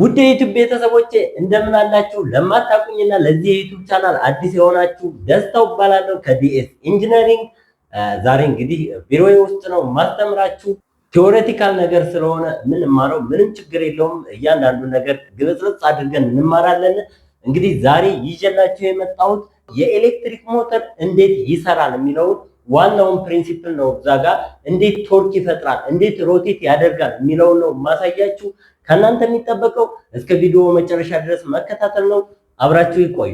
ውድ የዩቱብ ቤተሰቦቼ እንደምን አላችሁ? ለማታቁኝና ለዚህ የዩቱብ ቻናል አዲስ የሆናችሁ ደስታው እባላለሁ ከዲኤስ ኢንጂነሪንግ። ዛሬ እንግዲህ ቢሮ ውስጥ ነው ማስተምራችሁ። ቴዎሬቲካል ነገር ስለሆነ ምን ምንም ችግር የለውም። እያንዳንዱ ነገር ግልጽልጽ አድርገን እንማራለን። እንግዲህ ዛሬ ይዤላችሁ የመጣሁት የኤሌክትሪክ ሞተር እንዴት ይሰራል የሚለውን ዋናውን ፕሪንሲፕል ነው እዛ ጋር እንዴት ቶርክ ይፈጥራል፣ እንዴት ሮቴት ያደርጋል የሚለውን ነው ማሳያችሁ። ከእናንተ የሚጠበቀው እስከ ቪዲዮ መጨረሻ ድረስ መከታተል ነው። አብራችሁ ይቆዩ።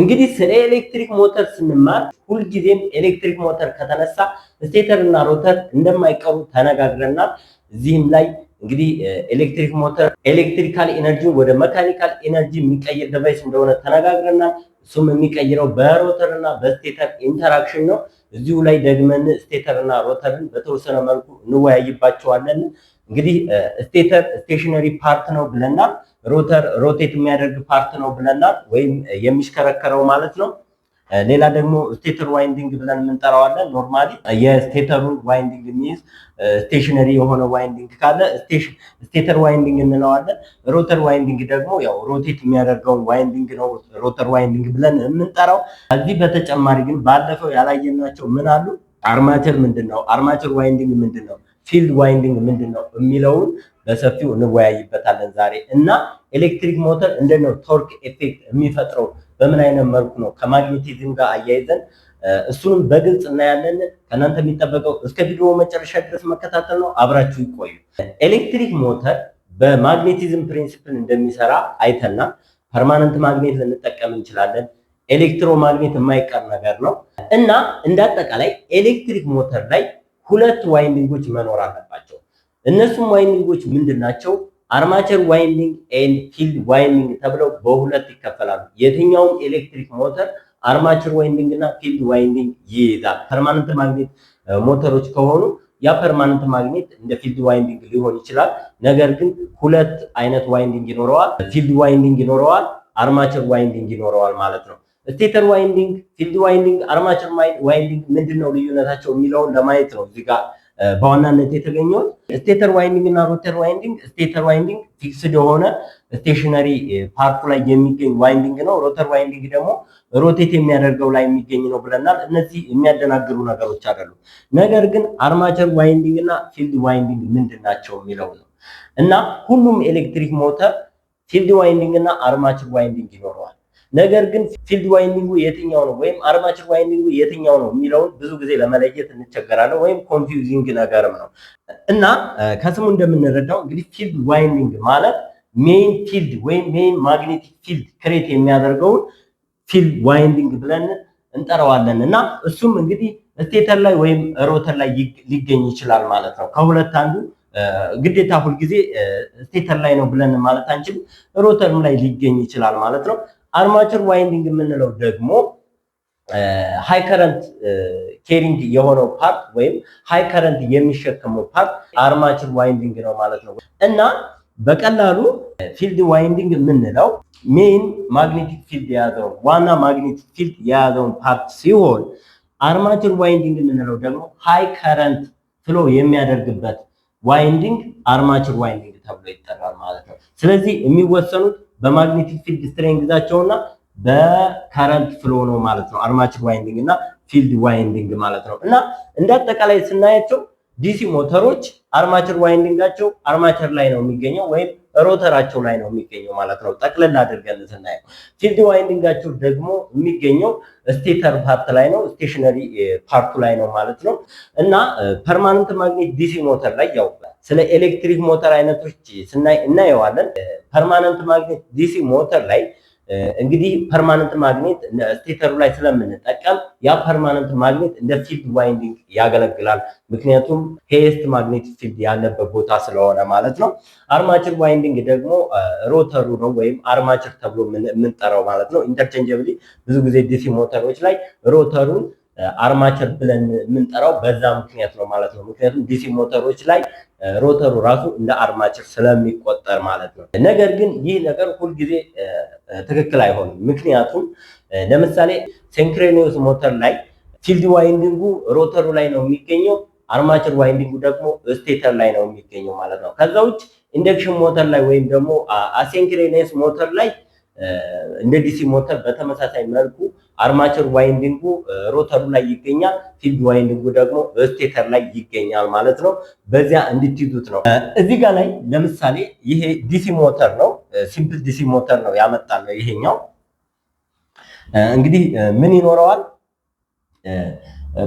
እንግዲህ ስለ ኤሌክትሪክ ሞተር ስንማር ሁልጊዜም ኤሌክትሪክ ሞተር ከተነሳ ስቴተር እና ሮተር እንደማይቀሩ ተነጋግረናል። እዚህም ላይ እንግዲህ ኤሌክትሪክ ሞተር ኤሌክትሪካል ኤነርጂ ወደ መካኒካል ኤነርጂ የሚቀይር ዲቫይስ እንደሆነ ተነጋግረናል። እሱም የሚቀይረው በሮተር እና በስቴተር ኢንተራክሽን ነው። እዚሁ ላይ ደግመን ስቴተርና ሮተርን በተወሰነ መልኩ እንወያይባቸዋለን። እንግዲህ ስቴተር ስቴሽነሪ ፓርት ነው ብለናል። ሮተር ሮቴት የሚያደርግ ፓርት ነው ብለናል፣ ወይም የሚሽከረከረው ማለት ነው። ሌላ ደግሞ ስቴተር ዋይንዲንግ ብለን የምንጠራዋለን። ኖርማሊ የስቴተሩ ዋይንዲንግ የሚይዝ ስቴሽነሪ የሆነ ዋይንዲንግ ካለ ስቴተር ዋይንዲንግ እንለዋለን። ሮተር ዋይንዲንግ ደግሞ ያው ሮቴት የሚያደርገውን ዋይንዲንግ ነው ሮተር ዋይንዲንግ ብለን የምንጠራው። ከዚህ በተጨማሪ ግን ባለፈው ያላየናቸው ምን አሉ? አርማቸር ምንድን ነው? አርማቸር ዋይንዲንግ ምንድን ነው? ፊልድ ዋይንዲንግ ምንድን ነው የሚለውን በሰፊው እንወያይበታለን ዛሬ እና ኤሌክትሪክ ሞተር እንደነው ቶርክ ኤፌክት የሚፈጥረው በምን አይነት መልኩ ነው ከማግኔቲዝም ጋር አያይዘን እሱንም በግልጽ እናያለን። ከእናንተ የሚጠበቀው እስከ ቪዲዮ መጨረሻ ድረስ መከታተል ነው። አብራችሁ ይቆዩ። ኤሌክትሪክ ሞተር በማግኔቲዝም ፕሪንሲፕል እንደሚሰራ አይተና ፐርማነንት ማግኔት ልንጠቀም እንችላለን። ኤሌክትሮ ማግኔት የማይቀር ነገር ነው እና እንደ አጠቃላይ ኤሌክትሪክ ሞተር ላይ ሁለት ዋይንዲንጎች መኖር አለባቸው። እነሱም ዋይንዲንጎች ምንድን ናቸው? አርማቸር ዋይንዲንግ ኤንድ ፊልድ ዋይንዲንግ ተብለው በሁለት ይከፈላሉ። የትኛውም ኤሌክትሪክ ሞተር አርማቸር ዋይንዲንግ እና ፊልድ ዋይንዲንግ ይይዛል። ፐርማነንት ማግኔት ሞተሮች ከሆኑ ያ ፐርማነንት ማግኔት እንደ ፊልድ ዋይንዲንግ ሊሆን ይችላል። ነገር ግን ሁለት አይነት ዋይንዲንግ ይኖረዋል። ፊልድ ዋይንዲንግ ይኖረዋል፣ አርማቸር ዋይንዲንግ ይኖረዋል ማለት ነው። ስቴተር ዋይንዲንግ፣ ፊልድ ዋይንዲንግ፣ አርማቸር ዋይንዲንግ ምንድን ነው ልዩነታቸው የሚለውን ለማየት ነው እዚህ ጋር በዋናነት የተገኘው ስቴተር ዋይንዲንግ እና ሮተር ዋይንዲንግ። ስቴተር ዋይንዲንግ ፊክስድ የሆነ ስቴሽነሪ ፓርኩ ላይ የሚገኝ ዋይንዲንግ ነው። ሮተር ዋይንዲንግ ደግሞ ሮቴት የሚያደርገው ላይ የሚገኝ ነው ብለናል። እነዚህ የሚያደናግሩ ነገሮች አደሉ ነገር ግን አርማቸር ዋይንዲንግ እና ፊልድ ዋይንዲንግ ምንድን ናቸው የሚለው ነው እና ሁሉም ኤሌክትሪክ ሞተር ፊልድ ዋይንዲንግ እና አርማቸር ዋይንዲንግ ይኖረዋል። ነገር ግን ፊልድ ዋይንዲንጉ የትኛው ነው ወይም አርማቸር ዋይንዲንጉ የትኛው ነው የሚለውን ብዙ ጊዜ ለመለየት እንቸገራለን ወይም ኮንፊውዚንግ ነገርም ነው እና ከስሙ እንደምንረዳው እንግዲህ ፊልድ ዋይንዲንግ ማለት ሜይን ፊልድ ወይም ሜይን ማግኔቲክ ፊልድ ክሬት የሚያደርገውን ፊልድ ዋይንዲንግ ብለን እንጠራዋለን እና እሱም እንግዲህ ስቴተር ላይ ወይም ሮተር ላይ ሊገኝ ይችላል ማለት ነው። ከሁለት አንዱ ግዴታ ሁልጊዜ ስቴተር ላይ ነው ብለን ማለት አንችልም። ሮተርም ላይ ሊገኝ ይችላል ማለት ነው። አርማቸር ዋይንዲንግ የምንለው ደግሞ ሃይ ከረንት ኬሪንግ የሆነው ፓርት ወይም ሃይ ከረንት የሚሸከመው ፓርት አርማቸር ዋይንዲንግ ነው ማለት ነው። እና በቀላሉ ፊልድ ዋይንዲንግ የምንለው ሜይን ማግኔቲክ ፊልድ የያዘውን ዋና ማግኔቲክ ፊልድ የያዘውን ፓርት ሲሆን አርማቸር ዋይንዲንግ የምንለው ደግሞ ሃይ ከረንት ፍሎ የሚያደርግበት ዋይንዲንግ አርማቸር ዋይንዲንግ ተብሎ ይጠራል ማለት ነው። ስለዚህ የሚወሰኑት በማግኔቲክ ፊልድ ስትሬንግዛቸውና በከረንት ፍሎ ነው ማለት ነው። አርማቸር ዋይንዲንግ እና ፊልድ ዋይንዲንግ ማለት ነው። እና እንደ አጠቃላይ ስናያቸው ዲሲ ሞተሮች አርማቸር ዋይንዲንጋቸው አርማቸር ላይ ነው የሚገኘው ወይም ሮተራቸው ላይ ነው የሚገኘው ማለት ነው። ጠቅለል አድርገን ስናየው ፊልድ ዋይንዲንጋቸው ደግሞ የሚገኘው ስቴተር ፓርት ላይ ነው፣ ስቴሽነሪ ፓርቱ ላይ ነው ማለት ነው። እና ፐርማነንት ማግኔት ዲሲ ሞተር ላይ ያው ስለ ኤሌክትሪክ ሞተር አይነቶች ስናይ እናየዋለን። ፐርማነንት ማግኔት ዲሲ ሞተር ላይ እንግዲህ ፐርማነንት ማግኔት ስቴተሩ ላይ ስለምንጠቀም ያ ፐርማነንት ማግኔት እንደ ፊልድ ዋይንዲንግ ያገለግላል። ምክንያቱም ሄስት ማግኔት ፊልድ ያለበት ቦታ ስለሆነ ማለት ነው። አርማቸር ዋይንዲንግ ደግሞ ሮተሩ ነው ወይም አርማቸር ተብሎ የምንጠራው ማለት ነው። ኢንተርቼንጀብሊ ብዙ ጊዜ ዲሲ ሞተሮች ላይ ሮተሩን አርማቸር ብለን የምንጠራው በዛ ምክንያት ነው ማለት ነው። ምክንያቱም ዲሲ ሞተሮች ላይ ሮተሩ ራሱ እንደ አርማጭር ስለሚቆጠር ማለት ነው። ነገር ግን ይህ ነገር ሁልጊዜ ትክክል አይሆንም። ምክንያቱም ለምሳሌ ሴንክሬኒዮስ ሞተር ላይ ፊልድ ዋይንዲንጉ ሮተሩ ላይ ነው የሚገኘው፣ አርማጭር ዋይንዲንጉ ደግሞ ስቴተር ላይ ነው የሚገኘው ማለት ነው። ከዛ ውጭ ኢንደክሽን ሞተር ላይ ወይም ደግሞ አሴንክሬኒየስ ሞተር ላይ እንደ ዲሲ ሞተር በተመሳሳይ መልኩ አርማቸር ዋይንዲንጉ ሮተሩ ላይ ይገኛል። ፊልድ ዋይንዲንጉ ደግሞ ስቴተር ላይ ይገኛል ማለት ነው። በዚያ እንድትይዙት ነው። እዚህ ጋር ላይ ለምሳሌ ይሄ ዲሲ ሞተር ነው፣ ሲምፕል ዲሲ ሞተር ነው ያመጣል። ይሄኛው እንግዲህ ምን ይኖረዋል?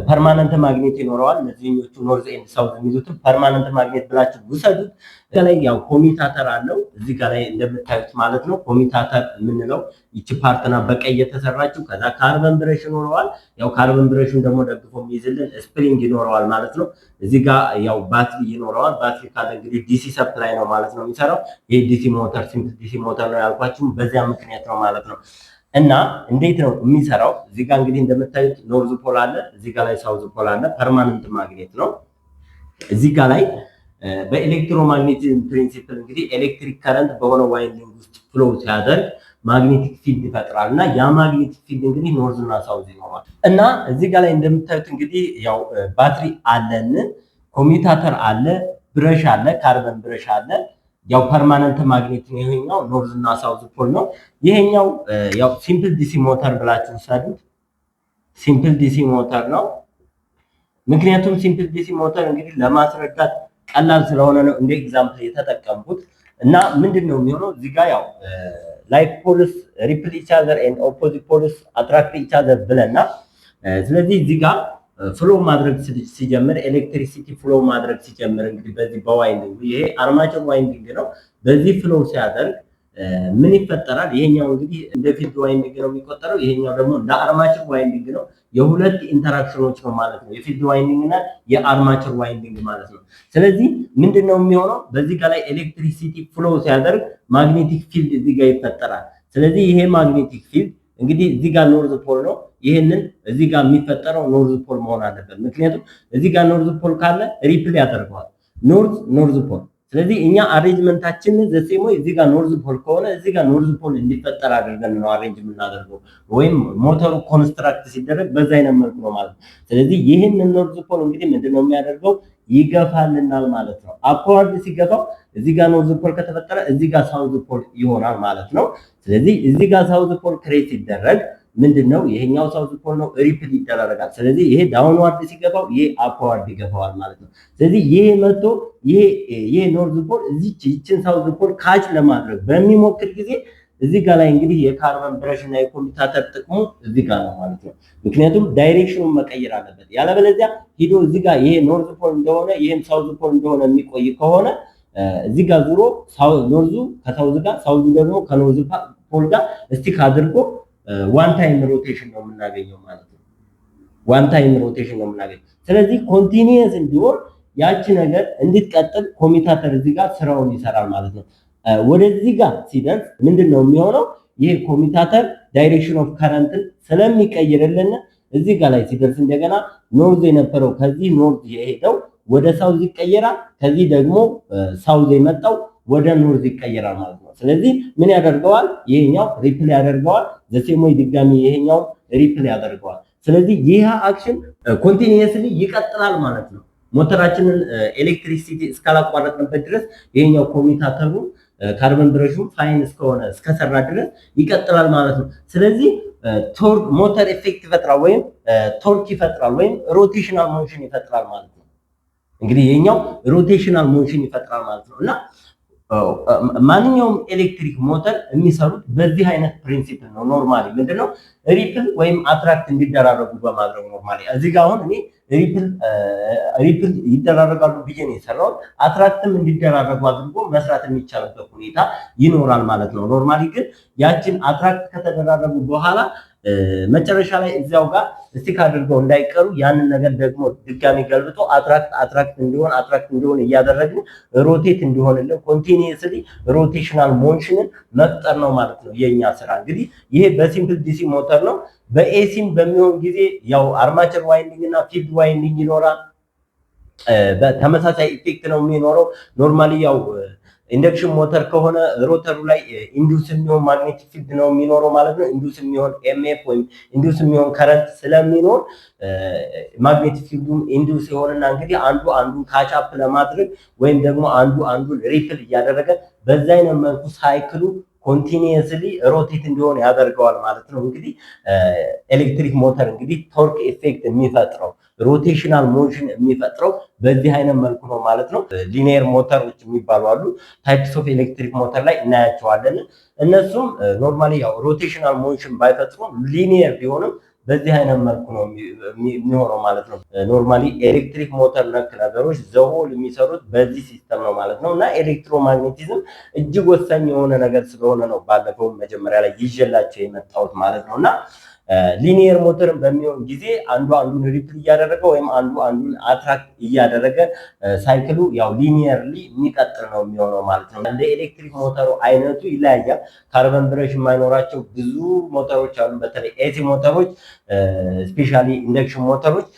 ፐርማነንት ማግኔት ይኖረዋል። እነዚህኞቹ ኖርዝ ኤንድ ሳውዝ የሚይዙትም ፐርማነንት ማግኔት ብላችሁ ውሰዱት። ከላይ ያው ኮሚታተር አለው እዚህ ላይ እንደምታዩት ማለት ነው። ኮሚታተር የምንለው ይቺ ፓርትና በቀይ የተሰራችው ከዛ ካርበን ብሬሽ ይኖረዋል። ያው ካርበን ብሬሽን ደግሞ ደግፎ የሚይዝልን ስፕሪንግ ይኖረዋል ማለት ነው። እዚህ ጋር ያው ባትሪ ይኖረዋል። ባትሪ ካለ እንግዲህ ዲሲ ሰፕላይ ነው ማለት ነው የሚሰራው። ይህ ዲሲ ሞተር ሲምፕል ዲሲ ሞተር ነው ያልኳችሁ በዚያ ምክንያት ነው ማለት ነው። እና እንዴት ነው የሚሰራው? እዚህ ጋር እንግዲህ እንደምታዩት ኖርዝ ፖል አለ፣ እዚህ ጋር ላይ ሳውዝ ፖል አለ። ፐርማነንት ማግኔት ነው። እዚህ ጋር ላይ በኤሌክትሮማግኔቲዝም ፕሪንሲፕል እንግዲህ ኤሌክትሪክ ከረንት በሆነ ዋይንዲንግ ውስጥ ፍሎ ሲያደርግ ማግኔቲክ ፊልድ ይፈጥራል እና ያ ማግኔቲክ ፊልድ እንግዲህ ኖርዝ እና ሳውዝ ይኖራል እና እዚህ ጋር ላይ እንደምታዩት እንግዲህ ያው ባትሪ አለን፣ ኮሚታተር አለ፣ ብረሽ አለ፣ ካርበን ብረሽ አለ ያው ፐርማነንት ማግኔት ነው። ይሄኛው ኖርዝ እና ሳውዝ ፖል ነው። ይሄኛው ያው ሲምፕል ዲሲ ሞተር ብላችሁ ሰዱት። ሲምፕል ዲሲ ሞተር ነው። ምክንያቱም ሲምፕል ዲሲ ሞተር እንግዲህ ለማስረዳት ቀላል ስለሆነ ነው እንደ ኤግዛምፕል የተጠቀምኩት እና ምንድን ነው የሚሆነው እዚህ ጋር ያው ላይክ ፖልስ ሪፕል ኢቻዘር ኤንድ ኦፖዚት ፖልስ አትራክት ኢቻዘር ብለና ስለዚህ እዚህ ጋር ፍሎ ማድረግ ሲጀምር ኤሌክትሪሲቲ ፍሎ ማድረግ ሲጀምር እንግዲህ በዚህ በዋይንዲንግ ይሄ አርማጭር ዋይንዲንግ ነው። በዚህ ፍሎ ሲያደርግ ምን ይፈጠራል? ይሄኛው እንግዲህ እንደ ፊልድ ዋይንዲንግ ነው የሚቆጠረው፣ ይሄኛው ደግሞ እንደ አርማጭር ዋይንዲንግ ነው። የሁለት ኢንተራክሽኖች ነው ማለት ነው፣ የፊልድ ዋይንዲንግ እና የአርማቸር ዋይንዲንግ ማለት ነው። ስለዚህ ምንድን ነው የሚሆነው? በዚህ ጋ ላይ ኤሌክትሪሲቲ ፍሎ ሲያደርግ ማግኔቲክ ፊልድ እዚህ ጋር ይፈጠራል። ስለዚህ ይሄ ማግኔቲክ ፊልድ እንግዲህ እዚህ ጋር ኖርዝ ፖል ነው ይህንን እዚህ ጋር የሚፈጠረው ኖርዝ ፖል መሆን አለበት። ምክንያቱም እዚህ ጋር ኖርዝ ፖል ካለ ሪፕል ያደርገዋል። ኖርዝ ኖርዝ ፖል። ስለዚህ እኛ አሬንጅመንታችን ዘሴሞ እዚህ ጋር ኖርዝ ፖል ከሆነ እዚህ ጋር ኖርዝ ፖል እንዲፈጠር አድርገን ነው አሬንጅ የምናደርገው፣ ወይም ሞተሩ ኮንስትራክት ሲደረግ በዛ አይነት መልኩ ነው ማለት ነው። ስለዚህ ይህንን ኖርዝ ፖል እንግዲህ ምንድነው የሚያደርገው ይገፋልናል ማለት ነው። አፕዋርድ ሲገፋው እዚህ ጋር ኖርዝ ፖል ከተፈጠረ እዚህ ጋር ሳውዝ ፖል ይሆናል ማለት ነው። ስለዚህ እዚህ ጋር ሳውዝ ፖል ክሬት ሲደረግ ምንድን ነው ይሄኛው ሳውዝ ፖል ነው፣ ሪፕል ይደራረጋል። ስለዚህ ይሄ ዳውንዋርድ ሲገፋው ይሄ አፕዋርድ ይገፋዋል ማለት ነው። ስለዚህ ይሄ መጥቶ ይሄ ኖርዝ ፖል እዚች ይችን ሳውዝ ፖል ካጭ ለማድረግ በሚሞክር ጊዜ እዚህ ጋር ላይ እንግዲህ የካርበን ብረሽ እና የኮምፒታተር ጥቅሙ እዚህ ጋር ነው ማለት ነው። ምክንያቱም ዳይሬክሽኑን መቀየር አለበት። ያለበለዚያ ሂዶ እዚህ ጋር ይሄ ኖርዝ ፖል እንደሆነ ይሄም ሳውዝ ፖል እንደሆነ የሚቆይ ከሆነ እዚህ ጋር ዙሮ ኖርዙ ከሳውዝ ጋር፣ ሳውዝ ደግሞ ከኖርዝ ፖል ጋር እስቲክ አድርጎ ዋን ታይም ሮቴሽን ነው የምናገኘው ማለት ነው። ዋን ታይም ሮቴሽን ነው የምናገኘው። ስለዚህ ኮንቲኒየስ እንዲሆን ያቺ ነገር እንድትቀጥል ኮሚታተር እዚህ ጋር ስራውን ይሰራል ማለት ነው። ወደዚህ ጋር ሲደርስ ምንድን ነው የሚሆነው? ይህ ኮሚታተር ዳይሬክሽን ኦፍ ከረንትን ስለሚቀይርልን እዚህ ጋር ላይ ሲደርስ እንደገና ኖርዝ የነበረው ከዚህ ኖርዝ የሄደው ወደ ሳውዝ ይቀየራል። ከዚህ ደግሞ ሳውዝ የመጣው ወደ ኖርዝ ይቀየራል ማለት ነው። ስለዚህ ምን ያደርገዋል? ይሄኛው ሪፕል ያደርገዋል። ዘሴም ወይ ድጋሚ ይሄኛው ሪፕል ያደርገዋል። ስለዚህ ይህ አክሽን ኮንቲኒየስሊ ይቀጥላል ማለት ነው። ሞተራችንን ኤሌክትሪሲቲ እስካላቋረጥንበት ድረስ ይሄኛው ኮሚታተሩ ካርበን ብረሹ ፋይን እስከሆነ እስከሰራ ድረስ ይቀጥላል ማለት ነው። ስለዚህ ቶርክ ሞተር ኤፌክት ይፈጥራል ወይም ቶርክ ይፈጥራል ወይም ሮቴሽናል ሞሽን ይፈጥራል ማለት ነው። እንግዲህ ይሄኛው ሮቴሽናል ሞሽን ይፈጥራል ማለት ነው እና ማንኛውም ኤሌክትሪክ ሞተር የሚሰሩት በዚህ አይነት ፕሪንሲፕል ነው። ኖርማሊ ምንድነው ሪፕል ወይም አትራክት እንዲደራረጉ በማድረግ ኖርማሊ እዚህ ጋር አሁን እኔ ሪፕል ይደራረጋሉ ብዬ ነው የሰራሁት። አትራክትም እንዲደራረጉ አድርጎ መስራት የሚቻልበት ሁኔታ ይኖራል ማለት ነው። ኖርማሊ ግን ያችን አትራክት ከተደራረጉ በኋላ መጨረሻ ላይ እዚያው ጋር ስቲክ አድርገው እንዳይቀሩ ያንን ነገር ደግሞ ድጋሚ ገልብጦ አትራክት አትራክት እንዲሆን አትራክት እንዲሆን እያደረግን ሮቴት እንዲሆንልን ኮንቲኒየስሊ ሮቴሽናል ሞንሽንን መፍጠር ነው ማለት ነው የእኛ ስራ። እንግዲህ ይሄ በሲምፕል ዲሲ ሞተር ነው። በኤሲም በሚሆን ጊዜ ያው አርማቸር ዋይንዲንግ እና ፊልድ ዋይንዲንግ ይኖራል። በተመሳሳይ ኢፌክት ነው የሚኖረው ኖርማሊ ያው ኢንደክሽን ሞተር ከሆነ ሮተሩ ላይ ኢንዱስ የሚሆን ማግኔቲክ ፊልድ ነው የሚኖረው ማለት ነው። ኢንዱስ የሚሆን ኤምኤፍ ወይም ኢንዱስ የሚሆን ከረንት ስለሚኖር ማግኔቲክ ፊልዱም ኢንዱስ የሆነና እንግዲህ አንዱ አንዱን ካቻፕ ለማድረግ ወይም ደግሞ አንዱ አንዱን ሪፕል እያደረገ በዛ አይነት መልኩ ሳይክሉ ኮንቲኒየስሊ ሮቴት እንዲሆን ያደርገዋል ማለት ነው። እንግዲህ ኤሌክትሪክ ሞተር እንግዲህ ቶርክ ኢፌክት የሚፈጥረው ሮቴሽናል ሞሽን የሚፈጥረው በዚህ አይነት መልኩ ነው ማለት ነው። ሊኒየር ሞተሮች የሚባሉ አሉ። ታይፕስ ኦፍ ኤሌክትሪክ ሞተር ላይ እናያቸዋለን። እነሱም ኖርማሊ ያው ሮቴሽናል ሞሽን ባይፈጥሩም ሊኒየር ቢሆንም በዚህ አይነት መልኩ ነው የሚሆነው ማለት ነው። ኖርማሊ ኤሌክትሪክ ሞተር ነክ ነገሮች ዘሆል የሚሰሩት በዚህ ሲስተም ነው ማለት ነው። እና ኤሌክትሮማግኔቲዝም እጅግ ወሳኝ የሆነ ነገር ስለሆነ ነው ባለፈው መጀመሪያ ላይ ይዤላቸው የመጣሁት ማለት ነው እና ሊኒየር ሞተር በሚሆን ጊዜ አንዱ አንዱን ሪፕል እያደረገ ወይም አንዱ አንዱን አትራክት እያደረገ ሳይክሉ ያው ሊኒየርሊ የሚቀጥል ነው የሚሆነው ማለት ነው። እንደ ኤሌክትሪክ ሞተሩ አይነቱ ይለያያል። ካርበን ብረሽ የማይኖራቸው ብዙ ሞተሮች አሉ። በተለይ ኤሲ ሞተሮች ስፔሻሊ ኢንደክሽን ሞተሮች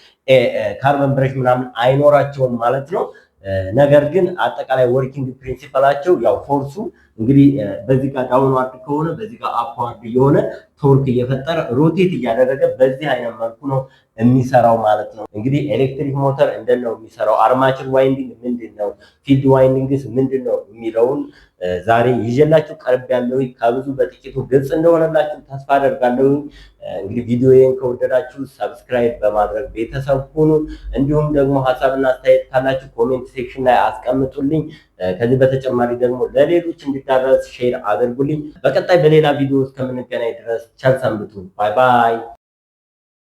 ካርበን ብረሽ ምናምን አይኖራቸውም ማለት ነው። ነገር ግን አጠቃላይ ወርኪንግ ፕሪንሲፐላቸው ያው ፎርሱ እንግዲህ በዚህ ጋር ዳውንዋርድ ከሆነ በዚህ ጋር አፕዋርድ የሆነ ቶርክ እየፈጠረ ሮቴት እያደረገ በዚህ አይነት መልኩ ነው የሚሰራው ማለት ነው። እንግዲህ ኤሌክትሪክ ሞተር እንደት ነው የሚሰራው? አርማቸር ዋይንዲንግ ምንድን ነው? ፊልድ ዋይንዲንግስ ምንድን ነው የሚለውን ዛሬ ይዤላችሁ ቀርብ ያለው ከብዙ በጥቂቱ ግልጽ እንደሆነላችሁ ተስፋ አደርጋለሁ። እንግዲህ ቪዲዮዬን ከወደዳችሁ ሰብስክራይብ በማድረግ ቤተሰብ ሁኑ። እንዲሁም ደግሞ ሀሳብና አስተያየት ካላችሁ ኮሜንት ሴክሽን ላይ አስቀምጡልኝ። ከዚህ በተጨማሪ ደግሞ ለሌሎች እንዲዳረስ ሼር አድርጉልኝ። በቀጣይ በሌላ ቪዲዮ እስከምንገናኝ ድረስ ቸር ሰንብቱ። ባይ ባይ።